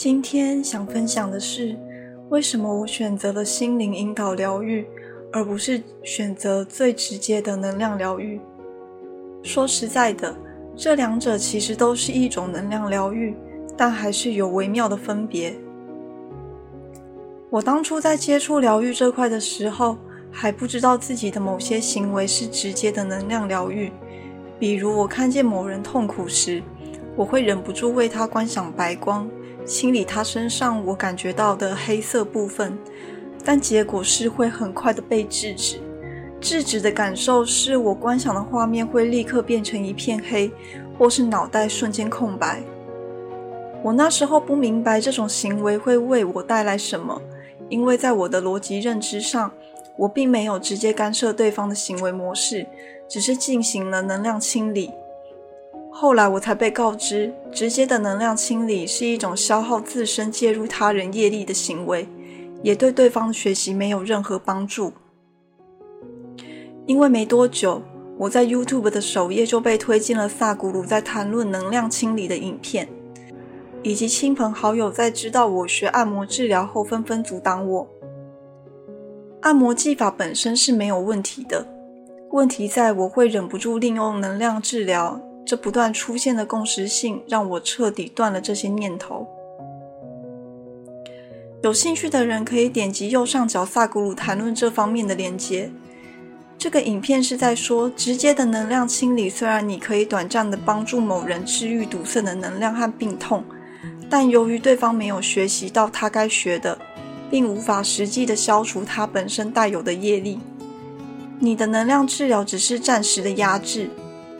今天想分享的是，為什麼我選擇了心靈引導療癒，而不是選擇最直接的能量療癒？說實在的，這兩者其實都是一種能量療癒，但還是有微妙的分別。我當初在接觸療癒這塊的時候，還不知道自己的某些行為是直接的能量療癒，比如我看見某人痛苦時，我會忍不住為他觀想白光。清理他身上我感覺到的黑色部分，但結果是會很快的被制止。制止的感受是我觀想的畫面會立刻變成一片黑，或是腦袋瞬間空白。我那時候不明白這種行為會為我帶來什麼，因為在我的邏輯認知上，我並沒有直接干涉對方的行為模式，只是進行了能量清理。後來我才被告知，直接的能量清理是一種消耗自身、介入他人業力的行為，也對對方學習沒有任何幫助。因為沒多久，我在 YouTube 的首頁就被推薦了薩古魯在談論能量清理的影片，以及親朋好友在知道我學按摩治療後，紛紛阻擋我。按摩技法本身是沒有問題的，問題在我會忍不住利用能量治療。這不斷出現的共識性讓我徹底斷了這些念頭。有興趣的人可以點擊右上角薩古魯談論這方面的連接。這個影片是在說，直接的能量清理雖然你可以短暫的幫助某人治癒堵塞的能量和病痛，但由於對方沒有學習到他該學的，並無法實際的消除他本身帶有的業力。你的能量治療只是暫時的壓制。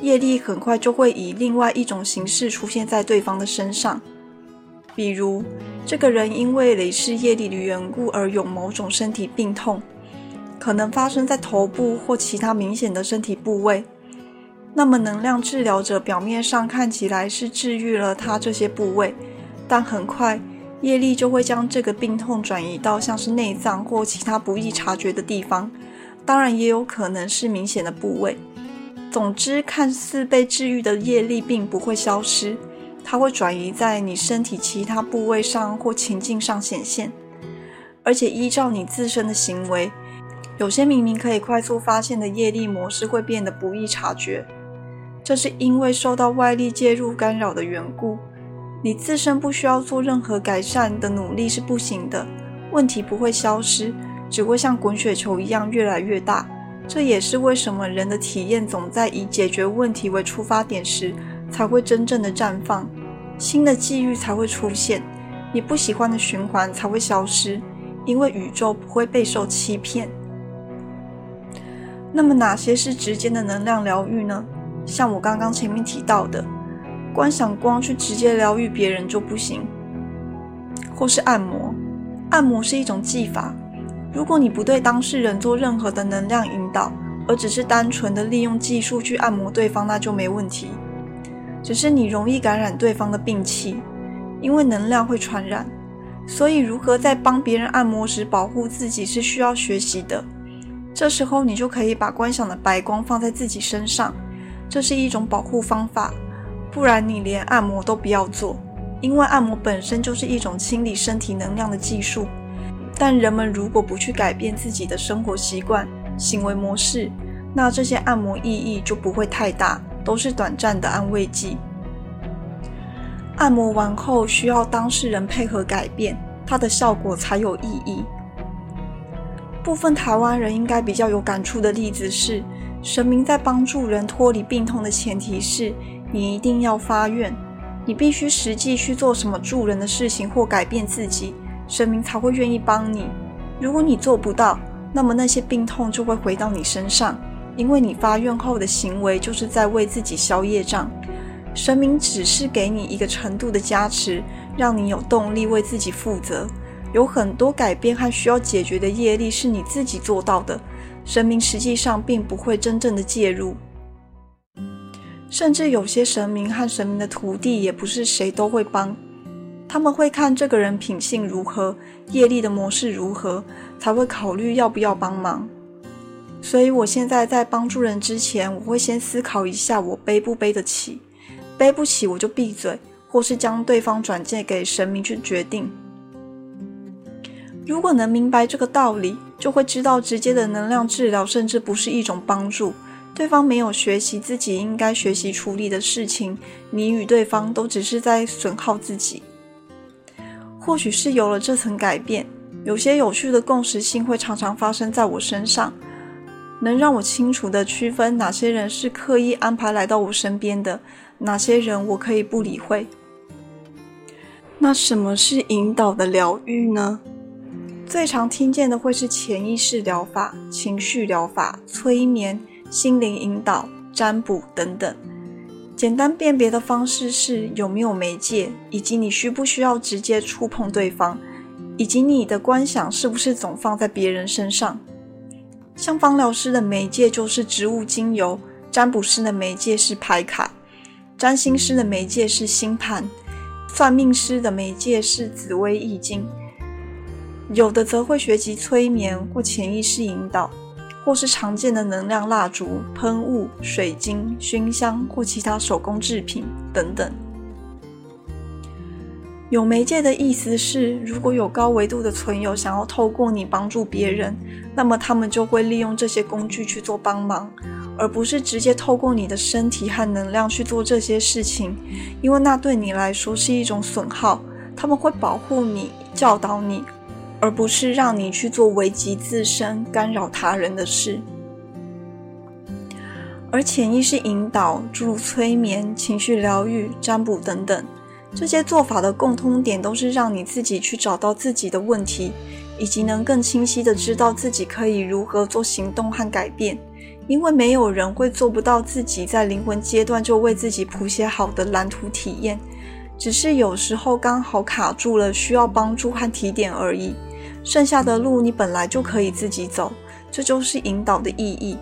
業力很快就會以另外一種形式出現在對方的身上，比如這個人因為累世業力的緣故而有某種身體病痛，可能發生在頭部或其他明顯的身體部位。那麼，能量治療者表面上看起來是治愈了他這些部位，但很快業力就會將這個病痛轉移到像是內臟或其他不易察覺的地方，當然也有可能是明顯的部位。總之，看似被治愈的業力並不會消失，它會轉移在你身體其他部位上或情境上顯現。而且，依照你自身的行為，有些明明可以快速發現的業力模式會變得不易察覺。這是因為受到外力介入干擾的緣故，你自身不需要做任何改善的努力是不行的，問題不會消失，只會像滾雪球一樣越來越大。這也是為什麼人的體驗總在以解決問題為出發點時，才會真正的綻放，新的機遇，才會出現，你不喜歡的循環才會消失，因為宇宙不會備受欺騙。那麼哪些是直接的能量療癒呢？像我剛剛前面提到的，觀想光去直接療癒別人就不行，或是按摩，按摩是一種技法。如果你不對當事人做任何的能量引導，而只是單純的利用技術去按摩對方，那就沒問題。只是你容易感染對方的病氣，因為能量會傳染。所以，如何在幫別人按摩時保護自己是需要學習的。這時候，你就可以把觀想的白光放在自己身上，這是一種保護方法。不然，你連按摩都不要做，因為按摩本身就是一種清理身體能量的技術。但人們如果不去改變自己的生活習慣、行為模式，那這些按摩意義就不會太大，都是短暫的安慰劑。按摩完後需要當事人配合改變，它的效果才有意義。部分台灣人應該比較有感觸的例子是，神明在幫助人脫離病痛的前提是，你一定要發願，你必須實際去做什麼助人的事情或改變自己。神明才會願意幫你。如果你做不到，那麼那些病痛就會回到你身上，因為你發願後的行為就是在為自己消業障。神明只是給你一個程度的加持，讓你有動力為自己負責。有很多改變和需要解決的業力是你自己做到的，神明實際上並不會真正的介入。甚至有些神明和神明的徒弟也不是誰都會幫。他們會看這個人品性如何、業力的模式如何，才會考慮要不要幫忙。所以我現在在幫助人之前，我會先思考一下我背不背得起，背不起我就閉嘴，或是將對方轉介給神明去決定。如果能明白這個道理，就會知道直接的能量治療甚至不是一種幫助。對方沒有學習自己應該學習處理的事情，你與對方都只是在損耗自己。或許是有了這層改變，有些有趣的共識性會常常發生在我身上，能讓我清楚地區分哪些人是刻意安排來到我身邊的，哪些人我可以不理會。那什麼是引導的療癒呢？最常聽見的會是潛意識療法、情緒療法、催眠、心靈引導、占卜等等。簡單辨別的方式是有沒有媒介，以及你需不需要直接觸碰對方，以及你的觀想是不是總放在別人身上。像芳療師的媒介就是植物精油，占卜師的媒介是牌卡，占星師的媒介是星盤，算命師的媒介是紫微易經。有的則會學習催眠或潛意識引導。或是常見的能量蠟燭、噴霧、水晶、熏香或其他手工製品等等。有媒介的意思是，如果有高維度的存有想要透過你幫助別人，那麼他們就會利用這些工具去做幫忙，而不是直接透過你的身體和能量去做這些事情，因為那對你來說是一種損耗。他們會保護你，教導你。而不是讓你去做危及自身、干擾他人的事。而潛意識引導、諸如催眠、情緒療癒、占卜等等，這些做法的共通點都是讓你自己去找到自己的問題，以及能更清晰地知道自己可以如何做行動和改變。因為沒有人會做不到自己在靈魂階段就為自己譜寫好的藍圖體驗，只是有時候剛好卡住了，需要幫助和提點而已。剩下的路你本來就可以自己走，這就是引導的意義。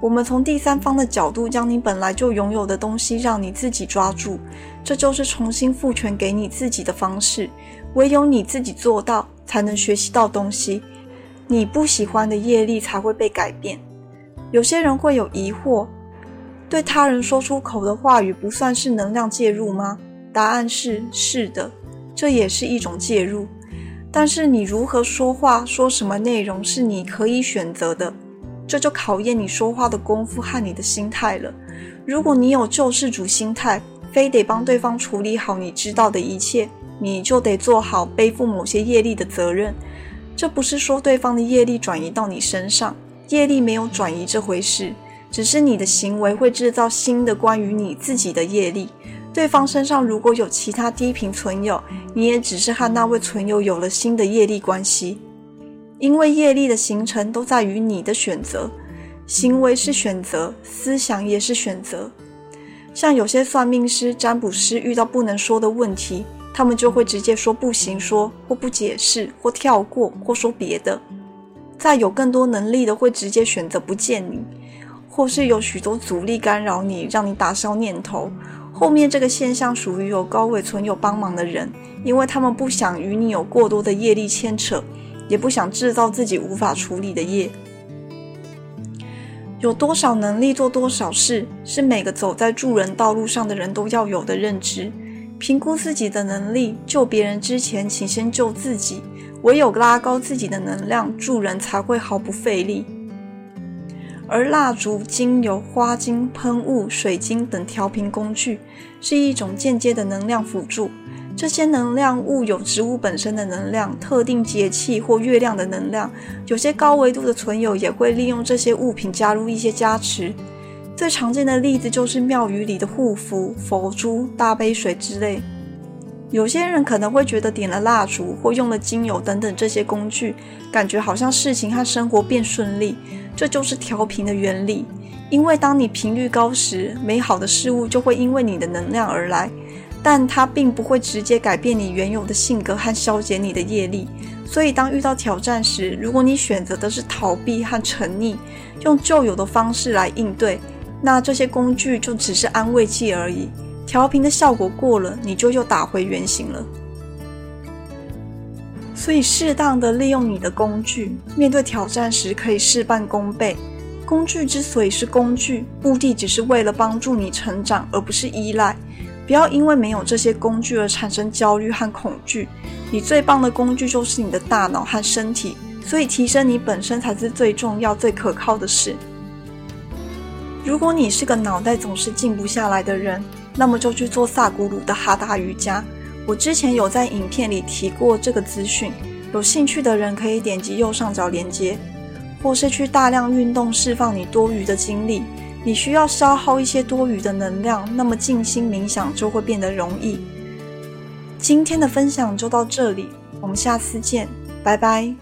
我們從第三方的角度，將你本來就擁有的東西讓你自己抓住，這就是重新賦權給你自己的方式。唯有你自己做到，才能學習到東西。你不喜歡的業力才會被改變。有些人會有疑惑，對他人說出口的話語，不算是能量介入嗎？答案是：是的，這也是一種介入。但是你如何說話，說什麼內容是你可以選擇的，這就考驗你說話的功夫和你的心態了。如果你有救世主心態，非得幫對方處理好你知道的一切，你就得做好背負某些業力的責任。這不是說對方的業力轉移到你身上，業力沒有轉移這回事，只是你的行為會制造新的關於你自己的業力。對方身上如果有其他低頻存有，你也只是和那位存有有了新的業力關係，因為業力的形成都在於你的選擇，行為是選擇，思想也是選擇。像有些算命師、占卜師遇到不能說的問題，他們就會直接說不行說，說或不解釋，或跳過，或說別的。再有更多能力的會直接選擇不見你，或是有許多阻力干擾你，讓你打消念頭。後面這個現象屬於有高位存有幫忙的人，因為他們不想與你有過多的業力牽扯，也不想制造自己無法處理的業。有多少能力做多少事，是每個走在助人道路上的人都要有的認知。評估自己的能力，救別人之前，請先救自己。唯有拉高自己的能量，助人才會毫不費力。而蠟燭、精油、花精、噴霧、水晶等調頻工具，是一種間接的能量輔助。這些能量物有植物本身的能量、特定節氣或月亮的能量。有些高維度的存有也會利用這些物品加入一些加持。最常見的例子就是廟宇裡的護符、佛珠、大悲水之類。有些人可能會覺得點了蠟燭或用了精油等等這些工具，感覺好像事情和生活變順利，這就是調頻的原理。因為當你頻率高時，美好的事物就會因為你的能量而來，但它並不會直接改變你原有的性格和消解你的業力。所以，當遇到挑戰時，如果你選擇的是逃避和沉溺，用舊有的方式來應對，那這些工具就只是安慰劑而已。調頻的效果過了，你就又打回原形了。所以，適當的利用你的工具，面對挑戰時可以事半功倍。工具之所以是工具，目的只是為了幫助你成長，而不是依賴。不要因為沒有這些工具而產生焦慮和恐懼。你最棒的工具就是你的大腦和身體，所以提升你本身才是最重要、最可靠的事。如果你是個腦袋總是靜不下來的人，那麼就去做薩古魯的哈達瑜伽。我之前有在影片裡提過這個資訊，有興趣的人可以點擊右上角連結，或是去大量運動釋放你多餘的精力。你需要消耗一些多餘的能量，那麼靜心冥想就會變得容易。今天的分享就到這裡，我們下次見，拜拜。